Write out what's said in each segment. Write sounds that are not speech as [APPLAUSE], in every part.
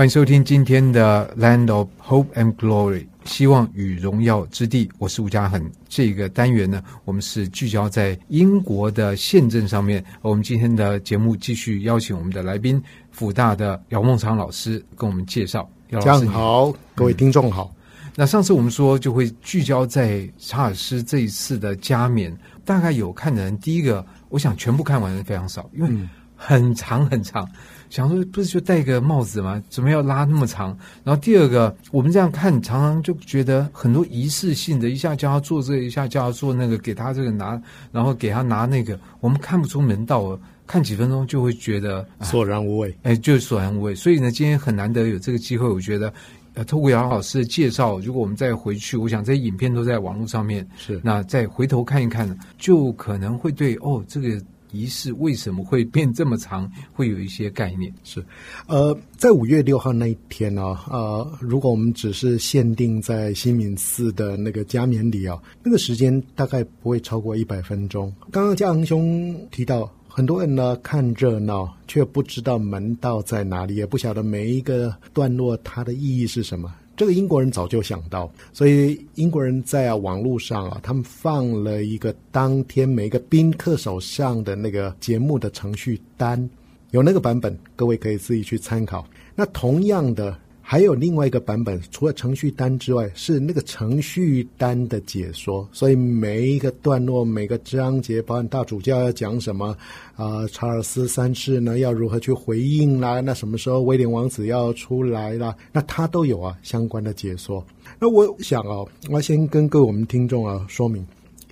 歡迎收聽今天的《Land of Hope and Glory》，希望與榮耀之地。我是吳家恆。這個單元呢，我們是聚焦在英國的憲政上面。我們今天的節目繼續邀請我們的來賓，輔大的姚孟昌老師跟我們介紹。姚老師好，各位聽眾好、嗯。那上次我們說就會聚焦在查爾斯這一次的加冕，大概有看的人，第一個我想全部看完非常少，因為、嗯。很長很長，想說不是就戴個帽子嗎？怎麼要拉那麼長？然後第二個，我們這樣看，常常就覺得很多儀式性的，一下叫他做這一下叫他做那個，給他這個拿，然後給他拿那個，我們看不出門道哦。看幾分鐘就會覺得索然無味，哎，就索然無味。所以呢，今天很難得有這個機會，我覺得呃，透過姚老師的介紹，如果我們再回去，我想這些影片都在網絡上面，是那再回頭看一看，就可能會對哦這個。儀式為什麼會變這麼長？會有一些概念是，呃，在五月六號那一天呢、哦，呃，如果我們只是限定在西敏寺的那個加冕禮哦，那個時間大概不會超過一百分鐘。剛剛家恆兄提到，很多人呢看熱鬧，卻不知道門道在哪裡，也不曉得每一個段落它的意義是什麼。這個英國人早就想到，所以英國人在、啊、網路上啊，他們放了一個當天每個賓客手上的那個節目的程序單，有那個版本，各位可以自己去參考。那同樣的。還有另外一個版本，除了程序單之外，是那個程序單的解說。所以每一個段落、每個章節，包含大主教要講什麼啊、呃，查爾斯三世呢要如何去回應啦、啊，那什麼時候威廉王子要出來啦、啊？那他都有啊相關的解說。那我想哦、啊，我要先跟各位我們聽眾啊說明，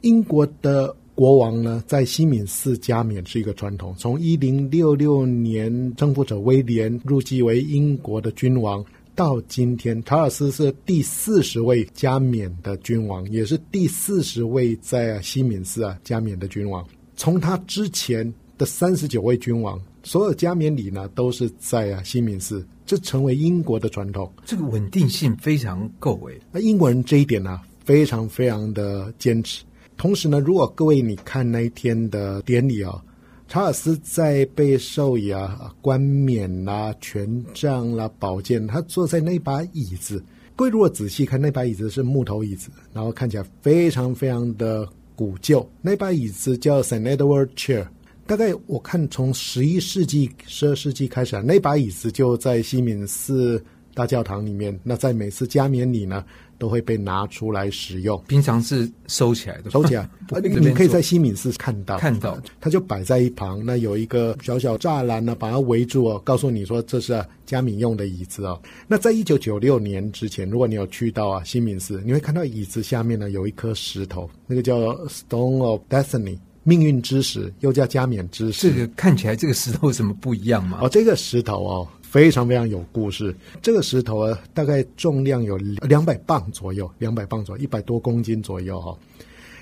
英國的國王呢，在西敏寺加冕是一個傳統，從一零六六年征服者威廉入繼為英國的君王，到今天，查爾斯是第四十位加冕的君王，也是第四十位在西敏寺啊加冕的君王。從他之前的三十九位君王，所有加冕禮呢都是在啊西敏寺，這成為英國的傳統。這個穩定性非常夠味。那英國人這一點呢、啊，非常非常的堅持。同時呢，如果各位你看那一天的典禮啊、哦。查爾斯在被授予啊冠冕啦、啊、權杖啦、啊、寶劍，他坐在那把椅子。各位如果仔細看，那把椅子是木頭椅子，然後看起來非常非常的古舊。那把椅子叫 St. Edward Chair，大概我看從十一世紀、十二世紀開始啊，那把椅子就在西敏寺。大教堂裡面，那在每次加冕禮呢，都會被拿出來使用。平常是收起來的，收起來。 [LAUGHS] 你們可以在西敏寺看到，看到，看到它就擺在一旁，那有一個小小柵欄呢，把它圍住哦，告訴你說這是、啊、加冕用的椅子哦。那在一九九六年之前，如果你有去到啊西敏寺，你會看到椅子下面呢有一顆石頭，那個叫 Stone of Destiny，命運之石，又叫加冕之石。這個看起來這個石頭有什麼不一樣嗎？哦，這個石頭哦。非常非常有故事。這個石頭啊，大概重量有兩百磅左右，兩百磅左右，一百多公斤左右啊。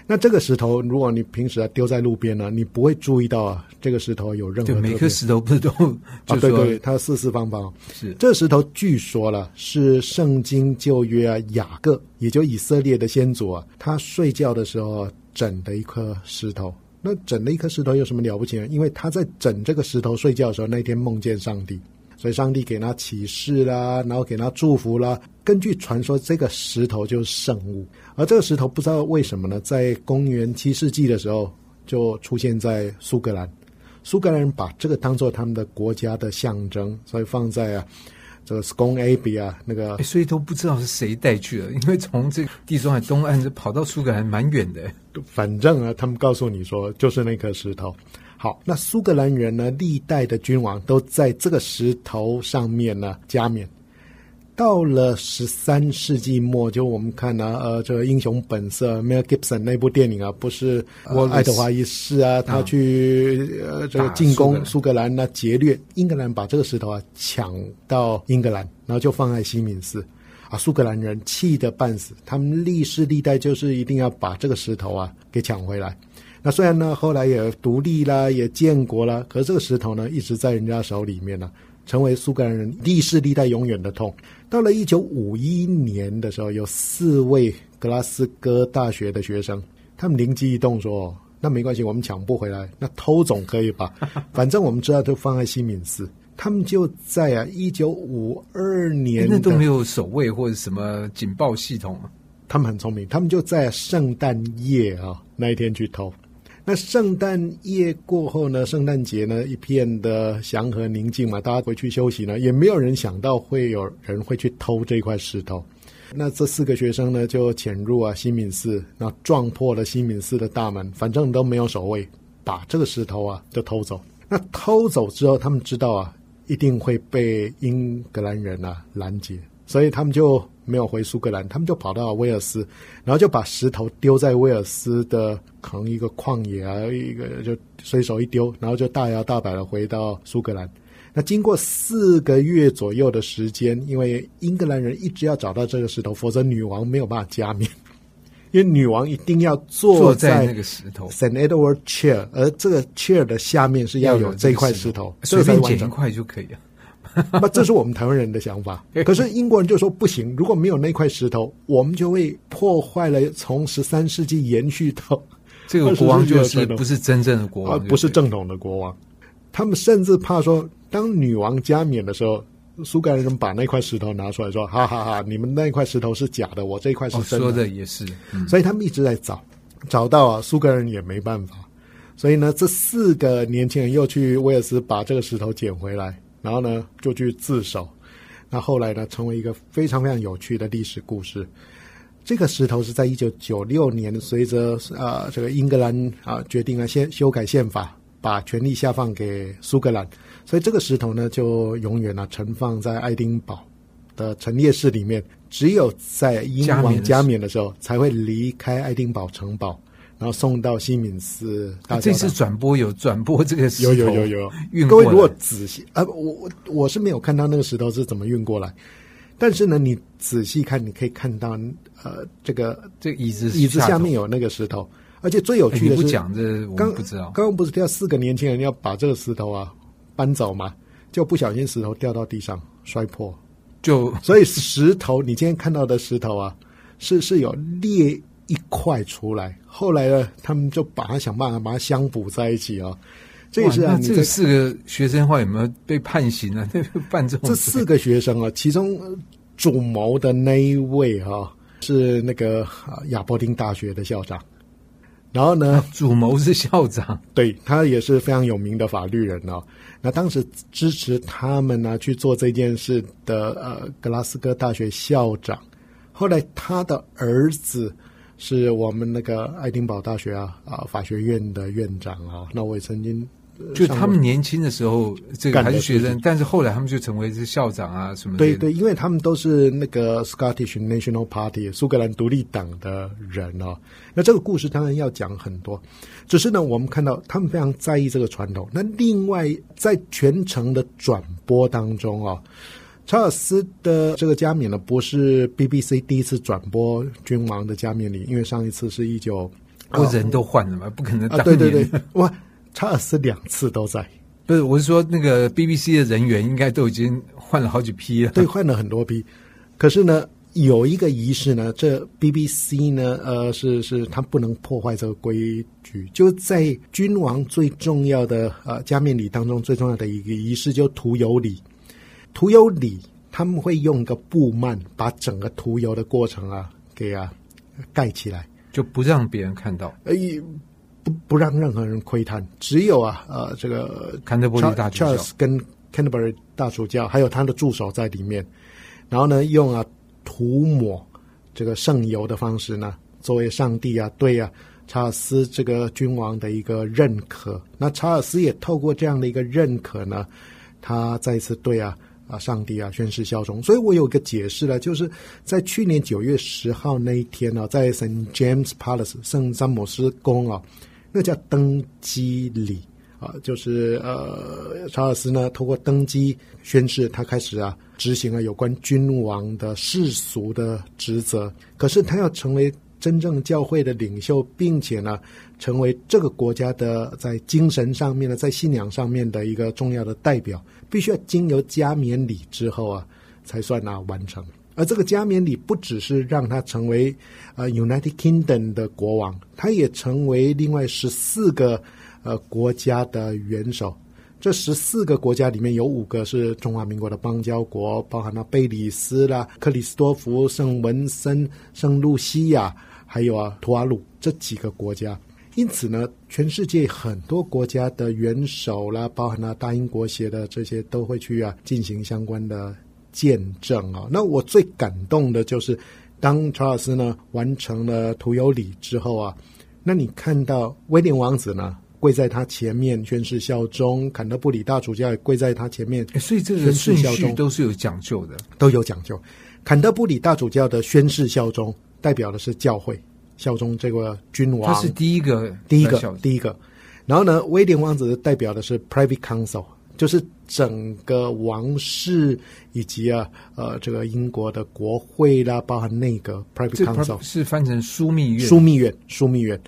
那這個石頭，如果你平時啊丟在路邊呢、啊，你不會注意到啊，這個石頭有任何。就每顆石頭不都啊？對對，它四四方方。是這個、石頭，據說了是聖經舊約、啊、雅各，也就以色列的先祖啊，他睡覺的時候枕的一顆石頭。那枕的一顆石頭有什麼了不起呢？因為他在枕這個石頭睡覺的時候，那天夢見上帝。所以上帝給他啟示啦，然後給他祝福啦。根據傳說，這個石頭就是聖物。而這個石頭不知道為什麼呢，在公元七世紀的時候就出現在蘇格蘭。蘇格蘭人把這個當做他們的國家的象徵，所以放在啊這個 Scone Abbey 啊那個。所以都不知道是誰帶去了，因為從這個地中海東岸跑到蘇格蘭蠻遠的。反正啊，他們告訴你說就是那顆石頭。哦、那蘇格蘭人呢？歷代的君王都在這個石頭上面呢、啊、加冕。到了十三世紀末，就我們看啊，呃，這個《英雄本色》Mel Gibson 那部電影啊，不是，我、呃、愛德華一世啊，呃、他去、啊、呃這個進攻蘇格蘭，那劫掠英格蘭，把這個石頭啊搶到英格蘭，然後就放在西敏寺啊。蘇格蘭人氣得半死，他們歷世歷代就是一定要把這個石頭啊給搶回來。那雖然呢，後來也獨立啦，也建國啦，可是這個石頭呢，一直在人家手裡面呢、啊，成為蘇格蘭人歷世歷代永遠的痛。到了一九五一年的時候，有四位格拉斯哥大學的學生，他們靈機一動說：“那沒關係，我們搶不回來，那偷總可以吧？ [LAUGHS] 反正我們知道都放在西敏寺。他們就在啊，一九五二年的、欸，那都沒有守衛或者什麼警報系統嗎、啊？他們很聰明，他們就在、啊、聖誕夜啊那一天去偷。那聖誕夜過後呢，聖誕節呢，一片的祥和寧靜嘛，大家回去休息呢，也沒有人想到會有人會去偷這塊石頭。那這四個學生呢，就潛入啊西敏寺，那撞破了西敏寺的大門，反正都沒有守衛，把這個石頭啊就偷走。那偷走之後，他們知道啊，一定會被英格蘭人啊攔截，所以他們就。沒有回蘇格蘭，他們就跑到威爾斯，然後就把石頭丟在威爾斯的可能一個曠野啊，一個就隨手一丟，然後就大搖大擺的回到蘇格蘭。那經過四個月左右的時間，因為英格蘭人一直要找到這個石頭，否則女王沒有辦法加冕， [LAUGHS] 因為女王一定要坐在那個石頭 Saint Edward Chair，而這個 chair 的下面是要有這塊石頭，隨便撿一塊就可以了。那 [LAUGHS] 這是我們台灣人的想法，可是英國人就說不行，如果沒有那塊石頭，我們就會破壞了從十三世紀延續到這個國王，就是不是真正的國王，不是正統的國王。他們甚至怕說，當女王加冕的時候，蘇格蘭人把那塊石頭拿出來說，哈哈哈哈，你們那塊石頭是假的，我這塊是真的。說的也是，所以他們一直在找，找到啊，蘇格蘭人也沒辦法。所以呢，這四個年輕人又去威爾斯把這個石頭撿回來。然後呢，就去自首。那後來呢，成為一個非常非常有趣的歷史故事。這個石頭是在一九九六年，隨着呃這個英格蘭啊、呃、決定了先修改憲法，把權力下放給蘇格蘭，所以這個石頭呢就永遠呢、啊、盛放在愛丁堡的陳列室裡面，只有在英王加冕的時候才會離開愛丁堡城堡。然後送到西敏寺、啊。這次轉播有轉播這個石頭。有有有，有各位如果仔細，啊、我我我是沒有看到那個石頭是怎麼運過來。但是呢，你仔細看，你可以看到呃，這個這個、椅子椅子下面有那個石頭，啊、而且最有趣的是，剛不、這個、不知道剛剛不是要四個年輕人要把這個石頭啊搬走嘛，就不小心石頭掉到地上摔破，就所以石頭 [LAUGHS] 你今天看到的石頭啊，是是有裂。一塊出來，後來呢，他們就把他想辦法把他相補在一起，哦、一啊。這也是啊，這四個學生話有沒有被判刑啊？這 [LAUGHS] 這四個學生啊，其中主謀的那一位啊，是那個亞伯丁大學的校長。然後呢，主謀是校長，對，他也是非常有名的法律人哦。那當時支持他們呢，啊、去做這件事的呃，格拉斯哥大學校長，後來他的兒子。是我們那個愛丁堡大學啊，啊，法學院的院長啊，那我也曾經就他們年輕的時候、呃這個、還是學生，但是後來他們就成為是校長啊什麼？對對，因為他們都是那個 Scottish National Party 蘇格蘭獨立黨的人哦、啊。那這個故事當然要講很多，只是呢，我們看到他們非常在意這個傳統。那另外在全程的轉播當中啊。查爾斯的這個加冕呢，不是 BBC 第一次轉播君王的加冕禮，因為上一次是一九，人都換了嘛，呃、不可能、啊。對對對，哇，查爾斯兩次都在，不是，我是說那個 BBC 的人員應該都已經換了好幾批了，對，換了很多批。可是呢，有一個儀式呢，這 BBC 呢，呃，是是，它不能破壞這個規矩，就在君王最重要的呃加冕禮當中最重要的一個儀式，就塗油禮。塗油禮他們會用一個布幔把整個塗油的過程啊給啊蓋起來，就不讓別人看到，呃，不不讓任何人窺探，只有啊呃這個坎特伯里大主教 Charles 跟坎特伯里大主教，還有他的助手在裡面，然後呢，用啊塗抹這個聖油的方式呢，作為上帝啊對啊查爾斯這個君王的一個認可。那查爾斯也透過這樣的一個認可呢，他再次對啊。啊，上帝啊，宣誓效忠。所以我有一個解釋了，就是在去年九月十號那一天呢，啊，在聖 James Palace 聖詹姆斯宮啊，那叫登基禮啊，就是呃，查爾斯呢通過登基宣誓，他開始啊執行了有關君王的世俗的職責。可是他要成為。真正教會的領袖，並且呢，成為這個國家的在精神上面呢，在信仰上面的一個重要的代表，必須要經由加冕禮之後啊，才算啊完成。而這個加冕禮不只是讓他成為呃 United Kingdom 的國王，他也成為另外十四個呃國家的元首。這十四個國家裡面有五個是中華民國的邦交國，包含了貝里斯啦、克里斯多福、聖文森、聖露西亞，還有啊圖瓦魯這幾個國家。因此呢，全世界很多國家的元首啦，包含了大英國協的這些，都會去啊進行相關的見證啊、哦。那我最感動的就是，當查爾斯呢完成了塗油禮之後啊，那你看到威廉王子呢，跪在他前面宣誓效忠，坎特伯里大主教也跪在他前面、欸，所以這個宣誓效忠都是有講究的，都有講究。坎特伯里大主教的宣誓效忠代表的是教會效忠這個君王，他是第一個，第一個，第一個。然後呢，威廉王子代表的是 Private Council，就是整個王室以及啊呃這個英國的國會啦，包含內閣 Private Council 是翻成樞密院，樞密院，樞密院。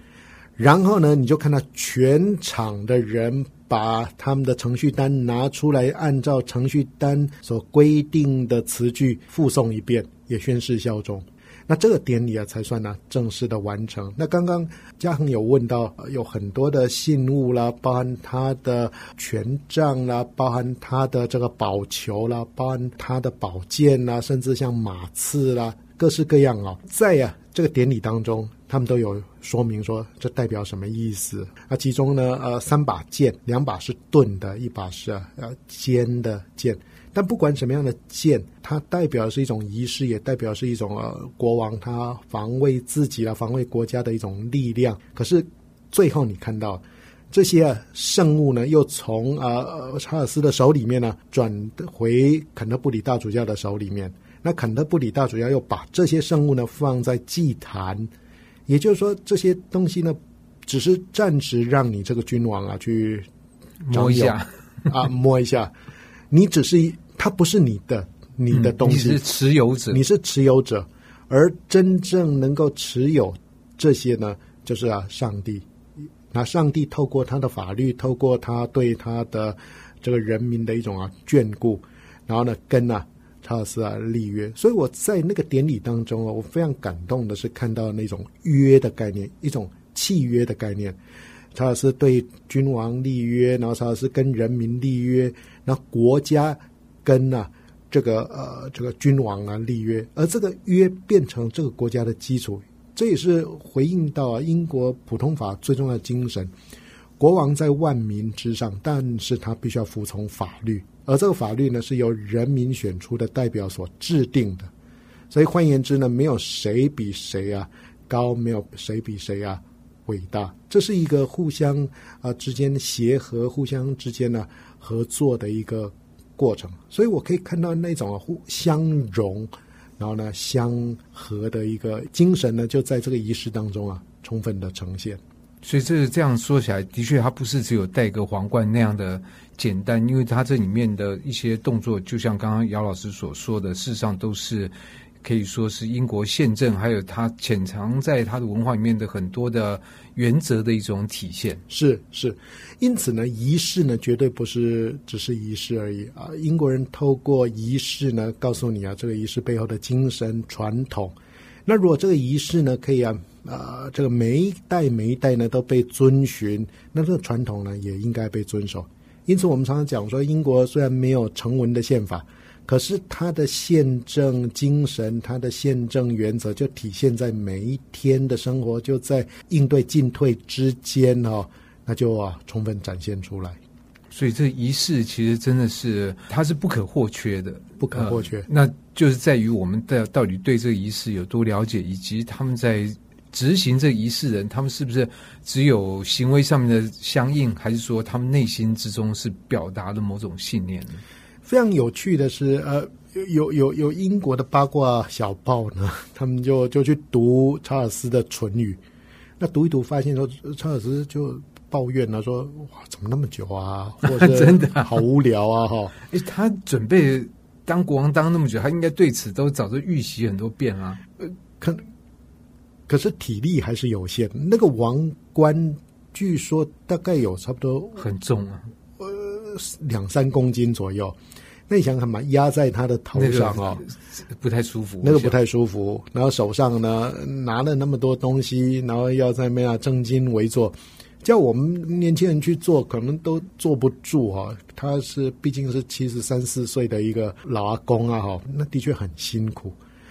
然後呢，你就看到全場的人把他們的程序單拿出來，按照程序單所規定的詞句複誦一遍，也宣誓效忠。那這個典禮啊，才算呢、啊、正式的完成。那剛剛家恆有問到，有很多的信物啦，包含他的權杖啦，包含他的這個寶球啦，包含他的寶劍啦，甚至像馬刺啦，各式各樣哦，在呀、啊。這個典禮當中，他們都有說明說，這代表什麼意思。那、啊、其中呢，呃，三把劍，兩把是鈍的，一把是呃尖的劍。但不管什麼樣的劍，它代表是一種儀式，也代表是一種呃國王他防衛自己啊、防衛國家的一種力量。可是最後你看到這些、啊、聖物呢，又從啊、呃、查爾斯的手裡面呢轉回坎特伯里大主教的手裡面。那坎特伯里大主教又把這些聖物呢，放在祭壇，也就是說這些東西呢，只是暫時讓你這個君王啊去摸一下 [LAUGHS] 啊摸一下，你只是他不是你的你的東西，嗯、你是持有者，你是持有者，而真正能夠持有這些呢，就是啊上帝，那上帝透過他的法律，透過他對他的這個人民的一種啊眷顧，然後呢跟啊。查爾斯啊立約，所以我在那個典禮當中啊，我非常感動的是看到那種約的概念，一種契約的概念。查爾斯對君王立約，然後查爾斯跟人民立約，然後國家跟啊這個呃這個君王啊立約，而這個約變成這個國家的基礎，這也是回應到英國普通法最重要的精神：國王在萬民之上，但是他必須要服從法律。而這個法律呢，是由人民選出的代表所制定的，所以換言之呢，沒有誰比誰啊高，沒有誰比誰啊偉大，這是一個互相啊、呃、之間協和、互相之間呢、啊、合作的一個過程，所以我可以看到那種啊互相融，然後呢相合的一個精神呢，就在這個儀式當中啊充分的呈現。所以這是這樣說起來，的確，它不是只有戴個皇冠那樣的簡單，因為它這裡面的一些動作，就像剛剛姚老師所說的，事實上都是可以說是英國憲政，還有它潛藏在它的文化裡面的很多的原則的一種體現。是是，因此呢，儀式呢，絕對不是只是儀式而已啊！英國人透過儀式呢，告訴你啊，這個儀式背後的精神傳統。那如果這個儀式呢，可以啊。呃，這個每一代每一代呢都被遵循，那這個傳統呢也應該被遵守。因此，我們常常講說，英國雖然沒有成文的憲法，可是他的憲政精神、他的憲政原則就體現在每一天的生活，就在應對進退之間哦，那就啊，充分展現出來。所以，這個儀式其實真的是它是不可或缺的，不可或缺。呃，那就是在於我們的到底對這個儀式有多了解，以及他們在。執行這儀式人，他們是不是只有行為上面的相應，還是說他們內心之中是表達了某種信念呢？非常有趣的是，呃，有有有，有英國的八卦小報呢，他們就就去讀查爾斯的唇語。那讀一讀，發現說查爾斯就抱怨了說，說哇，怎麼那麼久啊？真的好無聊啊！哈 [LAUGHS] 真，的啊、 [LAUGHS] 他準備當國王當那麼久，他應該對此都早就預習很多遍啊。呃，可。可是體力還是有限，那個王冠據說大概有差不多很重啊，呃，兩三公斤左右。那你想想看嘛，壓在他的頭上啊、哦，那個、不太舒服。那個不太舒服。然後手上呢，拿了那麼多東西，然後要在那正襟危坐，叫我們年輕人去做，可能都坐不住啊、哦。他是畢竟是七十三四歲的一個老阿公啊、哦，哈，那的確很辛苦。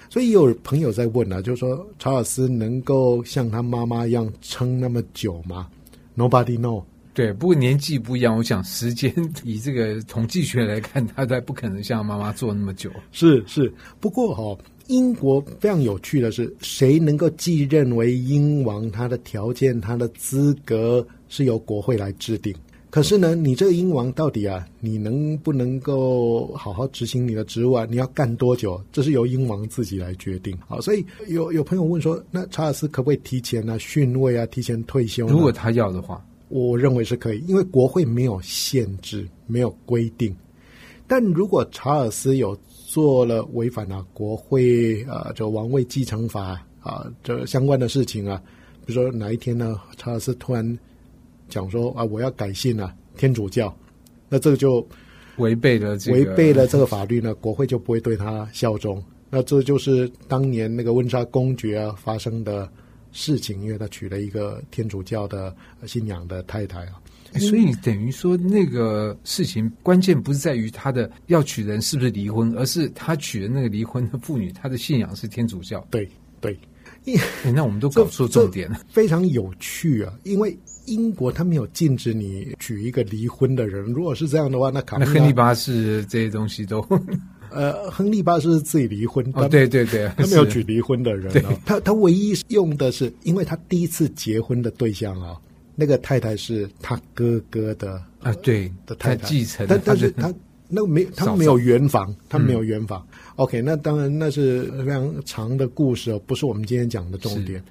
所以有朋友在問啊，就是說查爾斯能夠像他媽媽一樣撐那麼久嗎？Nobody know。對，不過年紀不一樣，我想時間以這個統計學來看，他才不可能像媽媽做那麼久。 [LAUGHS] 是是，不過哈、哦，英國非常有趣的是，誰能夠繼任為英王，他的條件、他的資格是由國會來制定。可是呢，你這個英王到底啊，你能不能夠好好執行你的職務啊？你要幹多久？這是由英王自己來決定。好，所以有有朋友問說，那查爾斯可不可以提前啊遜位啊，提前退休？如果他要的話，我認為是可以，因為國會沒有限制，沒有規定。但如果查爾斯有做了違反了、啊、國會啊這王位繼承法啊這、啊、相關的事情啊，比如說哪一天呢，查爾斯突然。講說啊，我要改信了、啊、天主教，那這個就違背了這個違背了這個法律呢，國會就不會對他效忠。那這就是當年那個溫莎公爵啊發生的事情，因為他娶了一個天主教的信仰的太太啊、哎。所以等於說，那個事情關鍵不是在於他的要娶人是不是離婚，而是他娶的那個離婚的婦女，她的信仰是天主教。對對、哎，那我們都搞錯重點了。非常有趣啊，因為。英國他沒有禁止你娶一個離婚的人，如果是這樣的話，那可能亨利八世這些東西都，呃，亨利八世自己離婚，哦、對對對他，他沒有娶離婚的人、哦、他他唯一用的是，因為他第一次結婚的對象啊、哦，那個太太是他哥哥的啊、對、呃、的太太繼承，但但是他那個沒他沒有圓房，他沒有圓房，他沒有圓房、嗯。OK，那當然那是非常長的故事，不是我們今天講的重點。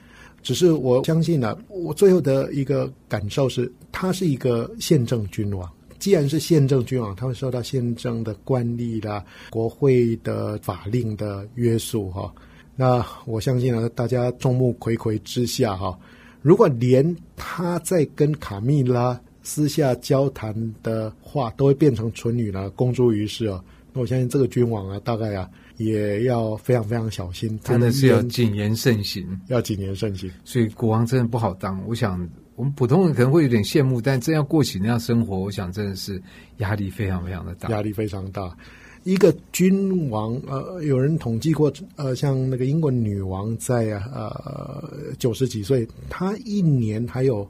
只是我相信呢、啊，我最後的一個感受是，他是一個憲政君王。既然是憲政君王，他會受到憲政的慣例啦、國會的法令的約束哈、喔。那我相信呢、啊，大家眾目睽睽之下哈、喔，如果連他在跟卡蜜拉私下交談的話，都會變成唇語啦，公諸於世哦、喔。那我相信這個君王啊，大概啊。也要非常非常小心，真的是要謹言慎行，要謹言慎行。所以國王真的不好當。我想，我們普通人可能會有點羨慕，但真要過起那樣生活，我想真的是壓力非常非常的大，壓力非常大。一個君王，呃，有人統計過，呃，像那個英國女王在，在呃九十幾歲，她一年還有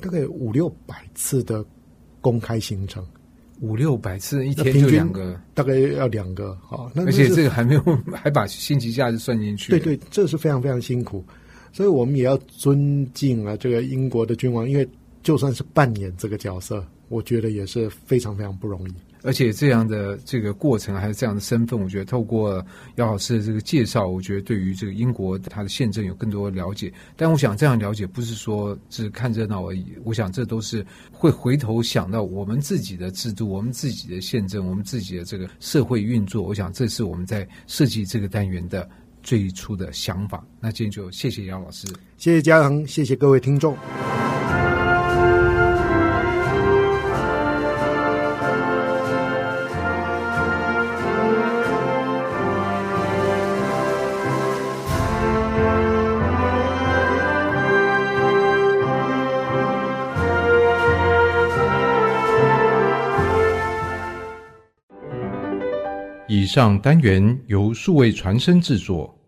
大概五六百次的公開行程。五六百次，一天就兩個，大概要兩個。那而且這個還沒有還把星期假就算進去。對對，這是非常非常辛苦，所以我們也要尊敬啊這個英國的君王，因為就算是扮演這個角色，我覺得也是非常非常不容易。而且這樣的這個過程，還有這樣的身份，我覺得透過姚老師的這個介紹，我覺得對於這個英國它的憲政有更多的了解。但我想這樣了解不是說只看熱鬧而已，我想這都是會回頭想到我們自己的制度、我們自己的憲政、我們自己的這個社會運作。我想這是我們在設計這個單元的最初的想法。那今天就謝謝姚老師，謝謝家恆，謝謝各位聽眾。上單元由數位傳聲製作。